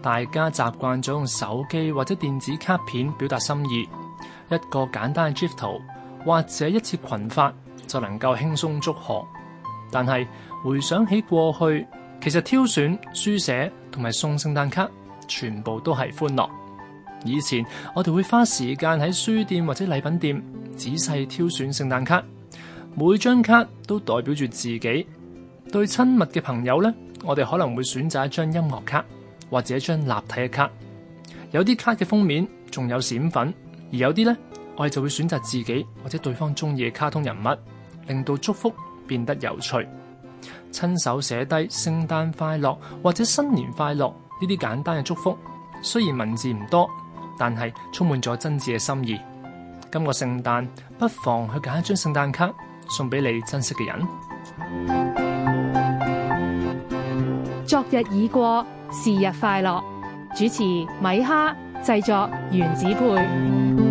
大家習慣咗用手機或者電子卡片表達心意，一個簡單嘅 GIF 圖或者一次群發就能夠輕鬆祝賀。但係回想起過去，其實挑選書寫同埋送聖誕卡全部都係歡樂。以前我哋會花時間喺書店或者禮品店仔細挑選聖誕卡，每張卡都代表住自己對親密嘅朋友呢，我哋可能會選擇一張音樂卡。或者一張立體嘅卡，有啲卡嘅封面仲有閃粉，而有啲呢，我哋就會選擇自己或者對方中意嘅卡通人物，令到祝福變得有趣。親手寫低聖誕快樂或者新年快樂呢啲簡單嘅祝福，雖然文字唔多，但係充滿咗真摯嘅心意。今個聖誕不妨去揀一張聖誕卡送俾你珍惜嘅人。昨日已過。是日快樂，主持米哈，製作袁子佩。